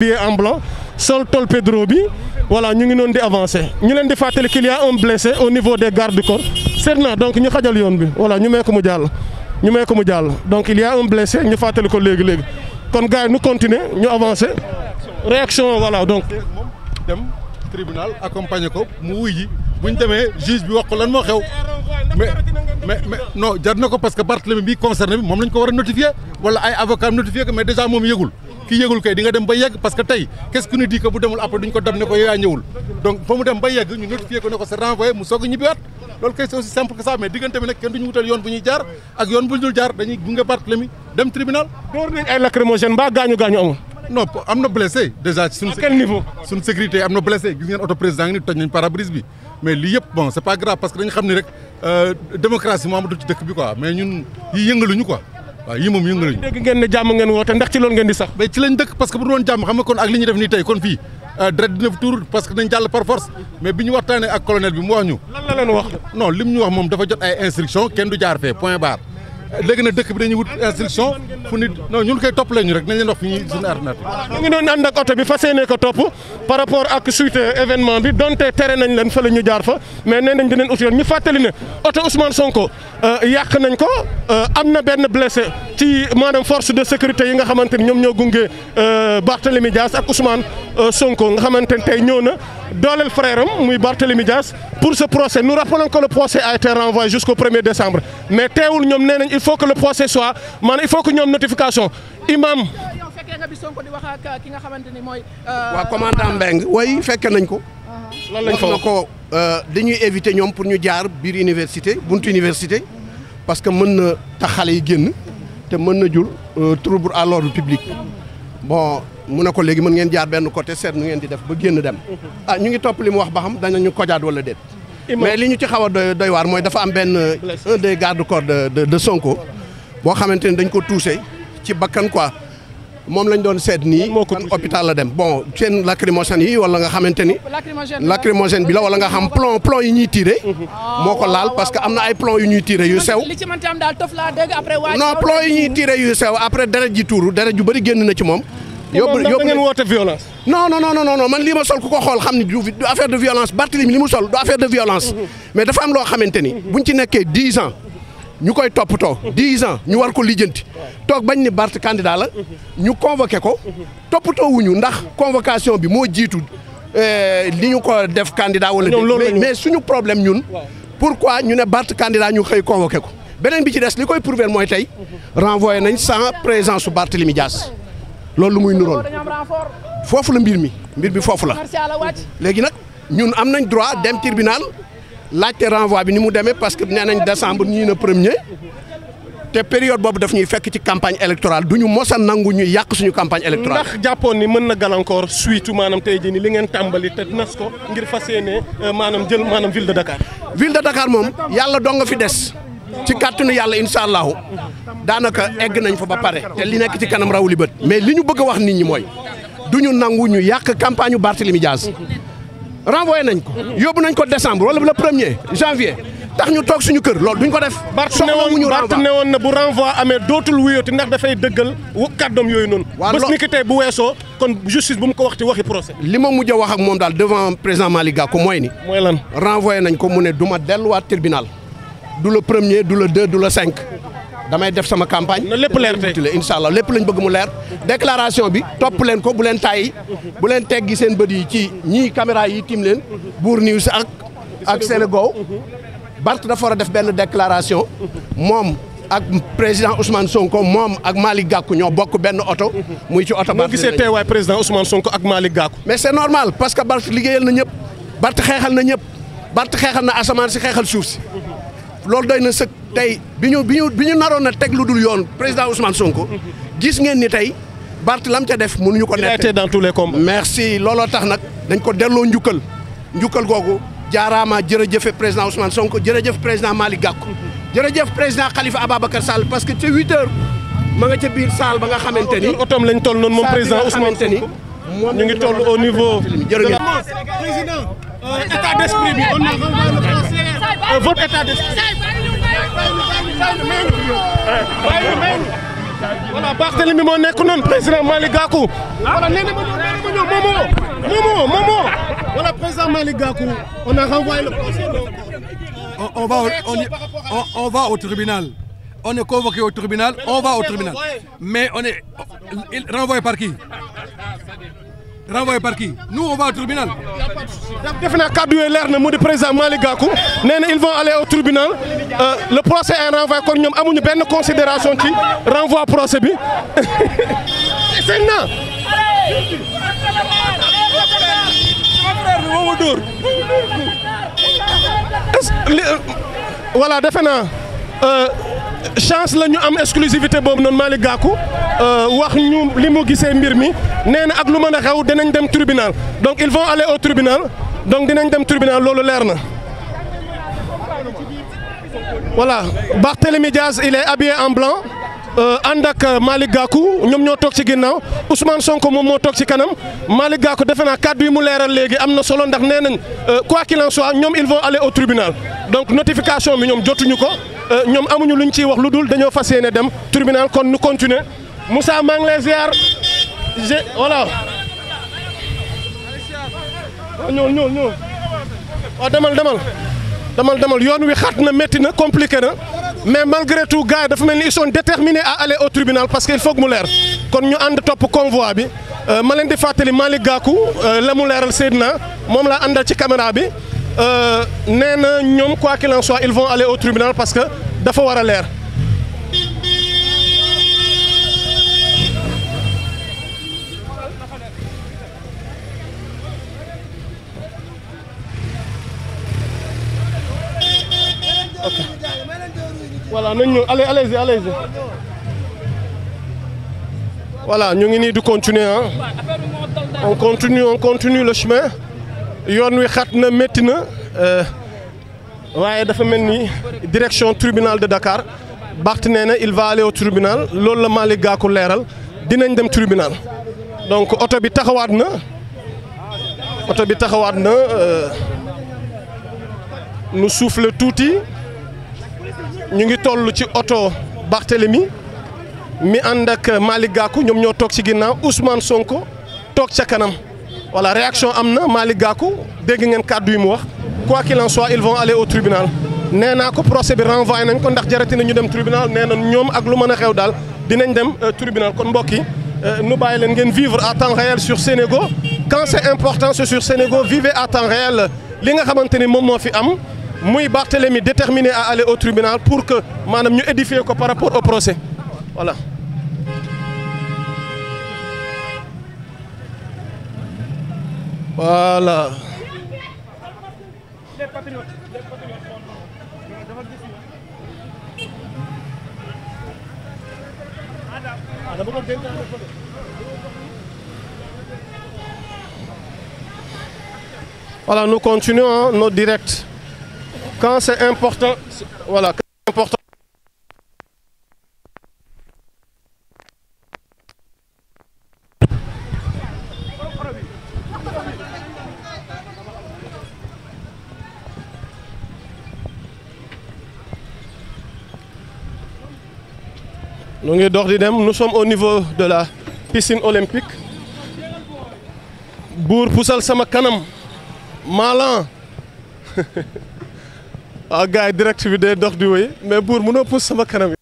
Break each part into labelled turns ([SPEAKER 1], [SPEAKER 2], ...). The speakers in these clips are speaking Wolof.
[SPEAKER 1] habillé en blanc sol torpédro bi voilà ñu ngi noonu di avancé ñu leen di fàttali qu'il y a blessé au niveau des gardes du corps seet na donc ñu xajal yoon bi voilà ñu may ko mu jàll ñu may ko mu jàll donc il y a un blessé ñu fàttali ko léegi léegi kon gars yi ñu continuer ñu avancé
[SPEAKER 2] réaction voilà donc. moom dem tribunal accompagner ko mu wuy ji bu ñu demee juge bi wax ko lan moo xew mais mais mais non jar na ko parce que Barthélemy bi concerné bi moom lañ ko war a notifier ay avocat notifier ko ki yëgul kay di dem ba yegg parce tey qu'est-ce que bu demul après duñ ko dab ne ko yaa ñëwul donc fa mu dem ba yegg ñu notifié ne ko c'est renvoyé mu soog a ñibbiwaat loolu kay c'est aussi simple que ça mais diggante bi nag kenn duñu wutal yoon bu ñuy jaar ak yoon bu dul jaar dañuy gunge Barthélemy dem tribunal ay lacrymogène mbaa gaañu gaañu amul non am na blessé déjà suñu quel niveau am na blessé gis ngeen auto président ngi ni toj nañ waaw yii moom yëngu nañu dégg ngeen ne jàmm ngeen woote ndax ci loolu ngeen di sax mais ci lañ dëkk parce que bu doon jàmm xam kon ak li ñu def nii tey kon fii euh, dret dina fi tuur parce que nañ jàll par force mais bi ñu waxtaanee ak colonel bi mu wax ñu non lim ñu wax moom dafa jot ay instruction kenn du jaar fee point barre léegi nag dëkk bi dañuy wut instruction fu nit non ñun koy topp lañu rek nañ leen wax fi ñu ngi doon ànd ak oto bi fas yéene ko topp par rapport ak suite événement bi donte tere nañ leen jaar fa
[SPEAKER 1] mais nee nañ dinañ ut yoon ñu fàttali ne oto Ousmane Sonko euh, yàq nañ ko euh, am na benn blessé ci maanaam force de sécurité yi nga xamante ni ñoom ñoo gunge euh, Barthélémy Dias ak Ousmane Sonko nga xamante ni tey ñëw na dooleel frère muy Barthélémy Dias pour ce procès nous rappelons que le procès a été renvoyé jusqu'au il faut que le procès soit maanaam il faut que ñoom notification imam
[SPEAKER 3] yow fekkee nga nga xamante ni mooy. Euh, waaw commandant Mbengue way fekke nañ ko. Uh-huh. lan lañ ko wax euh, dañuy éviter ñoom pour ñu jaar biir université buntu université. parce que mën na ta xale yi génn. te mën na jur euh, trouble à l'ordre public. bon mu ne ko léegi mën ngeen jaar benn côté seet nu ngeen di def ba génn dem. Uh-huh. ah ñu ngi topp li mu wax ba xam danañu kojaat wala déet. mais li ñu ci xaw a doy waar mooy dafa am benn un des garde corps de Sonko boo xamante ni dañ ko touché ci bakkan quoi moom lañ doon seet nii ban hôpital la dem bon seen lacrymogène yi wala nga xamante ni lacrymogène bi la wala nga xam plomb plomb yi ñuy tiré mhm. moo ko laal ah, parce que am na ay plomb yu ñuy tiire yu sew non plomb yi ñuy tiré yu sew après deret ji tuuru deret ju bëri génn na ci moom yóbbu yóbbu ngeen woote violence non non non non man lii ma sol ku ko xool xam ni du affaire de violence Barthélémy li mu sol du affaire de violence. Mhm. mais dafa am loo xamante ni. bu mhm. buñ ci nekkee dix ans. ñu koy toppatoo mhm. dix ans ñu war ko lijjanti toog bañ ni Barth candidat la ñu convoqué ko toppatoo wuñu ndax convocation bi moo jiitu euh, li ñu ko def candidat wala mais suñu problème ñun pourquoi ñu ne barte candidat ñu xëy convoqué ko beneen bi ci des li koy prouver mooy tey renvoyé nañ sans présence su Barthélémy Dias loolu lu muy nurool foofu la mbir mi mbir bi foofu la léegi nag ñun am nañ droit dem ah. tribunal laajte renvoi bi ni mu demee parce que nee nañ décembre ñii na premier te période boobu daf ñuy fekk ci campagne électorale du ñu mos a nangu ñu yàq suñu campagne électorale. ndax jàppoon ni mën na gàllankoor surtout maanam tey jii ni li ngeen tàmbali te nas ko ngir fas yéene euh, maanaam jël maanaam ville de Dakar. ville de Dakar moom yàlla dong nga fi des. ci kàttanu yàlla incha allahu daanaka egg nañ fa ba pare te li nekk ci kanam raw li bët mais li ñu bëgg a wax nit ñi mooy du ñu nangu ñu yàq campagne u Barthélemy Diaz renvoyé nañ ko yóbbu nañ ko décembre wala le premier janvier tax ñu toog suñu kër lool duñ ko def soxlawuñu Barth ne woon na bu renvoi
[SPEAKER 1] amee dootul wuyoti nax dafay dëggal wu kàddoom yooyu noonu bés ni ki tey bu weesoo kon justice
[SPEAKER 3] bu mu ko wax ci waxi procès li ma mujj a wax ak moom daal devant président Malick Gakou mooy ni mooy lan renvoyé nañ ko mu ne delluwaat tribunal du le premier du le deux du le cinq damay def sama campagne. na lépp leer tey incha allah lépp lañ bëgg mu leer. déclaration bi topp leen ko bu leen tàyyi bu leen teggi seen bët yi ci ñii caméra yi tim leen. Bour News ak ak Sénégal. Bart dafa war a def benn déclaration. moom ak président Ousmane Sonko moom ak Malick Gakou ñoo bokk benn oto. muy ci oto Bart. moo gisee teewaay président Ousmane Sonko ak Malick Gakou. mais c'est normal parce que Bart liggéeyal na ñëpp. Bart xeexal na ñëpp. Bart xeexal na asamaan si xeexal suuf si. loolu doy na sëkk tey bi ñu bi ñu bi ñu naroon na teg lu dul yoon président Ousmane Sonko gis ngeen ni tey Bart lam ca def mu nu mënuñu ko. nekk dans tous les combats. merci looloo tax nag dañ ko delloo njukkal njukkal googu jaaraama jërëjëfe président Ousmane Sonko jërëjëf président Malick Gakou jërëjëf président Khalifa Ababacar Sall parce que ci huit heures ma nga ca biir Sall ba nga xamante ni. Ah, otoom lañ toll noonu moom président Ousmane Sonko
[SPEAKER 1] ñu ngi toll au niveau. jërëjëf président. Euh, état d'esprit bi on a renvoyé euh, votre état d'esprit. voilà Barthélemy moo nekk noonu président Malick Gakou. voilà nee na ma ñëw nee na ma ñëw Momo Momo Momo. voilà président Malick Gakou on a renvoyé le procès.
[SPEAKER 2] on va on on va au tribunal. on est convoqué au tribunal on va au tribunal mais on est renvoyé par qui renvoyé par qui nous naa
[SPEAKER 1] kàddu yooyu leer na mu di président Malick Gakou nee na ils vont aller au tribunal euh, le procès est renvoyé kon ñoom amuñu benn considération ci renvoi procès bi c'est non. Euh, voilà defe naa. Euh, chance la ñu am exclusivité boobu noonu Malick Gakou euh, wax ñu li mu gisee mbir mi nee na ak lu mën a xew dinañ dem tribunal donc il vont aller au tribunal donc dinañ dem tribunal loolu leer na. voilà Barthélémy Diaz il est habillé en blanc euh, ànd ak euh, Malick ñoom ñoo toog ci ginnaaw Ousmane Sonko moom moo toog ci kanam Malick Gakou defe naa kàddu yi mu leeral léegi am na solo ndax nee nañ quoi qu'il soit ñoom il vont aller au tribunal donc notification bi ñoom jotuñu ko. Euh, ñoom amuñu lu ñu ciy wax lu dul dañoo fas yéene dem tribunal kon nu continuer Moussa maa ngi lay ziar je voilà. ñëw ñëw ñëw waaw demal demal demal demal yoon wi xat na métti na compliqué na mais malgré tout gars yi dafa mel ni ils sont déterminés à aller au tribunal parce que il faut mu leer kon ñu ànd topp convoi bi euh, ma leen di fàttali Malick Gakou euh, la mu leeral Seydina moom laa àndal ci caméra bi. Euh, nee na ñoom quoi qu'il en soit ils vont aller au tribunal parce que dafa war a leer. voilà nañ ñëw allez allez allez voilà ñu ngi nii di continuer ah on continue on continue le chemin yoon wi xat na métti na euh, waaye dafa mel ni direction tribunal de Dakar Barth nee na il va tribunal loolu la Malick Gakou leeral dinañ dem tribunal donc oto bi taxawaat na oto bi taxawaat na euh, nu souffle tuuti ñu ngi toll ci oto Barthélémy mi ànd ak Malick Gakou ñoom ñoo toog ci ginnaaw Ousmane Sonko toog ca kanam. voilà réaction am na Malick Gakou dégg ngeen kàddu yi mu wax quoi qu'il en soit ils vont aller au tribunal nee naa ko procès bi renvoyé nañ ko ndax jarati na ñu dem tribunal nee na ñoom ak lu mën a xew daal dinañ dem euh, tribunal kon mbokk yi euh, nu bàyyi leen ngeen vivre à temps réel sur Sénégo quand c'est important sur Sénégo vivez à temps réel li nga xamante ni moom moo fi am muy Barthélémy déterminé à aller au tribunal pour que maanaam ñu édifier ko par rapport au procès
[SPEAKER 2] voilà.
[SPEAKER 1] Voilà, nous continuons hein, nos directs. Quand c'est important, voilà. Nous nous sommes au niveau de la piscine olympique. buur pusal Sama Kanam, Malan. a ah, gars, direct vidéo d'or du way, mais Bour Mouno Poussal Sama Kanam.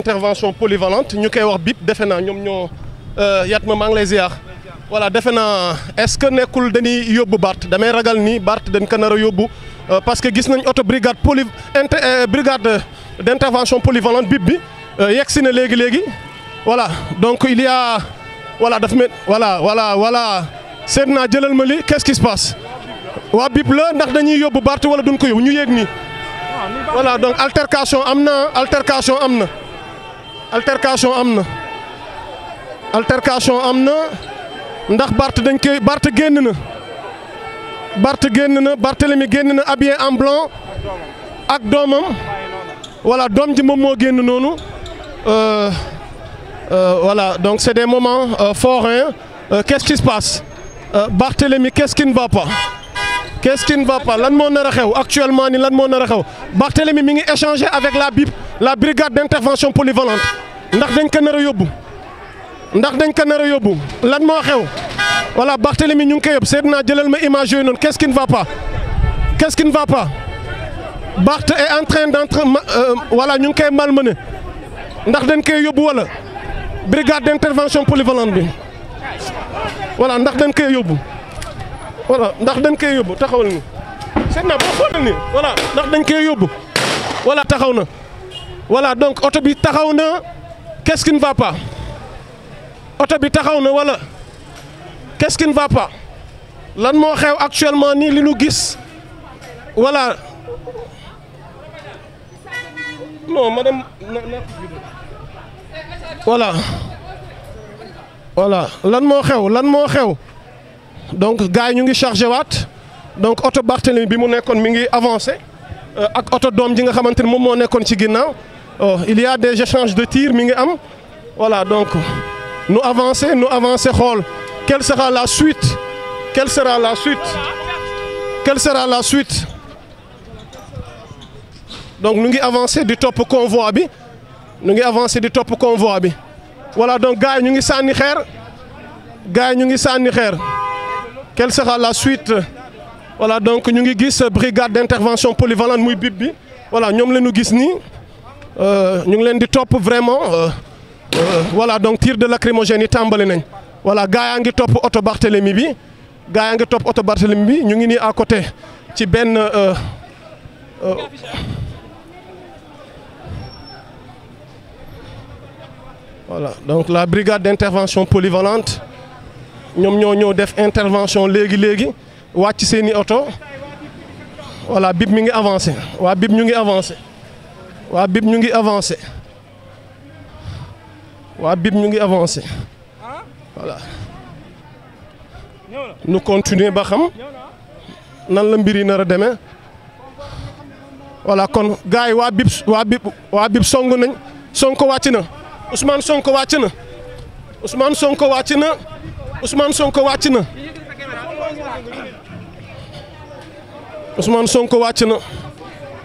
[SPEAKER 1] Intervention polyvalente, nous avons dit que nous avons dit que nous avons dit que nous avons voilà defe naa est-ce que nekkul dañuy yóbbu Bart damay ragal nii Bart dañ ko nar yóbbu euh, parce que gis nañ oto brigade poly euh, brigade d'intervention polyvalente bib bi euh, yegg si na léegi léegi voilà donc il y a voilà daf mel voilà voilà voilà naa jëlal ma li qu'est-ce qui se waa bib la ndax dañuy yóbbu Bart wala duñ ko yóbbu ñu yéeg nii voilà donc altercation am na altercation am na altercation am na altercation am na ndax Bart dañ koy Bart génn na Bart génn na Barthélemy génn na habillé en blanc ak doomam wala doom ji moom moo génn noonu euh, euh, voilà donc c'est des moments euh, forts que qu'est-ce qui se passe Barthélemy qu'est-ce qui ne va pas lan moo nar a xew actuellement ni lan moo nar a xew Barthélemy mi ngi échanger avec la BIP la brigade d'intervention polyvalente ndax dañ ko nar a yóbbu. ndax dañ ko nar a yóbbu lan moo xew voilà Barthélemy ñu ngi koy yóbbu seet naa jëlal ma image yooyu noonu qu'est-ce qui ne va pas qu'est-ce qui ne va pas Barth est en train euh, voilà ñu ngi koy malmené ndax dañ koy yóbbu wala brigade d'intervention polyvalente bi voilà ndax dañ koy yóbbu voilà ndax dañ koy yóbbu taxawal ni seet voilà ndax dañ koy yóbbu voilà taxaw na voilà donc oto bi taxaw na qu'est-ce va pas oto bi taxaw na wala quest va pas lan moo xew actuellement nii li nu gis voilà non madame voilà voilà lan moo xew lan moo xew donc gars yi ñu ngi chargé waat donc oto Barthélemy bi mu nekkoon mi ngi avancé euh, ak oto doom ji nga xamante ni moom moo nekkoon ci ginnaaw oh, il y des échanges de tir mi ngi am voilà donc. nu avancer nu avancer xool quelle sera la suite quelle sera la suite quelle sera la suite donc nu ngi avancer di topp convoi bi nu ngi avancer di topp convoi bi voilà donc gars yi ñu ngi sànni xeer gars yi ñu ngi sànni xeer quelle sera la suite voilà donc ñu ngi gis brigade d'intervention polyvalente muy bib bi voilà ñoom la ñu gis nii euh, ñu ngi leen di topp vraiment. Euh, voilà donc tir de lacrymogène yi tàmbali nañ voilà gaa yaa ngi topp oto Barthélemy bi gaa yaa ngi topp oto Barthélemy bi ñu ngi nii à côté ci benn. Euh, euh, voilà donc la brigade d'intervention polyvalente ñoom ñoo ñëw def intervention léegi léegi wàcc seeni oto voilà bib mi ngi avancé waa bib ñu ngi avancé waa bib ñu ngi avancé. waa bib mu ngi avancé voilà ñu continuer ba xam nan la mbir yi nar a demee voilà kon gars yi waa bib waa bib waa bib song nañ Sonko wàcc na Ousmane Sonko wàcc na Ousmane Sonko wàcc na Ousmane Sonko wàcc na Ousmane Sonko wàcc na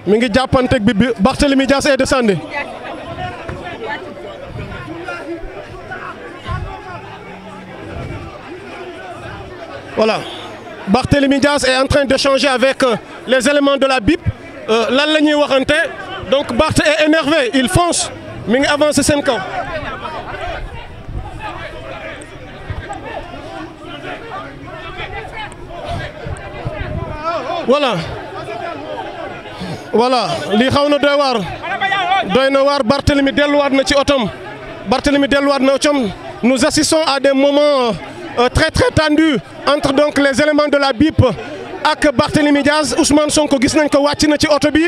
[SPEAKER 1] mu ngi jàppanteeg bib bi Barthélémy Dias est descendu Voilà. Barthélémy Diaz est en train d'échanger avec euh, les éléments de la BIP. Euh, L'Allemagne est Donc Barth est énervé, il fonce. Mais il avance 5 ans. Voilà. Voilà. Li xawna doy war. Doy na war Barthélémy deluat na ci otom. Barthélémy deluat na otom. Nous assistons à des moments euh, très très tendus entre donc les éléments de la BIP ak Barthélémy Diaz Ousmane Sonko gis nañ ko wàcc na ci oto bi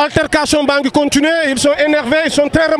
[SPEAKER 1] altercation baa ngi continuer ils son énervés ils sont très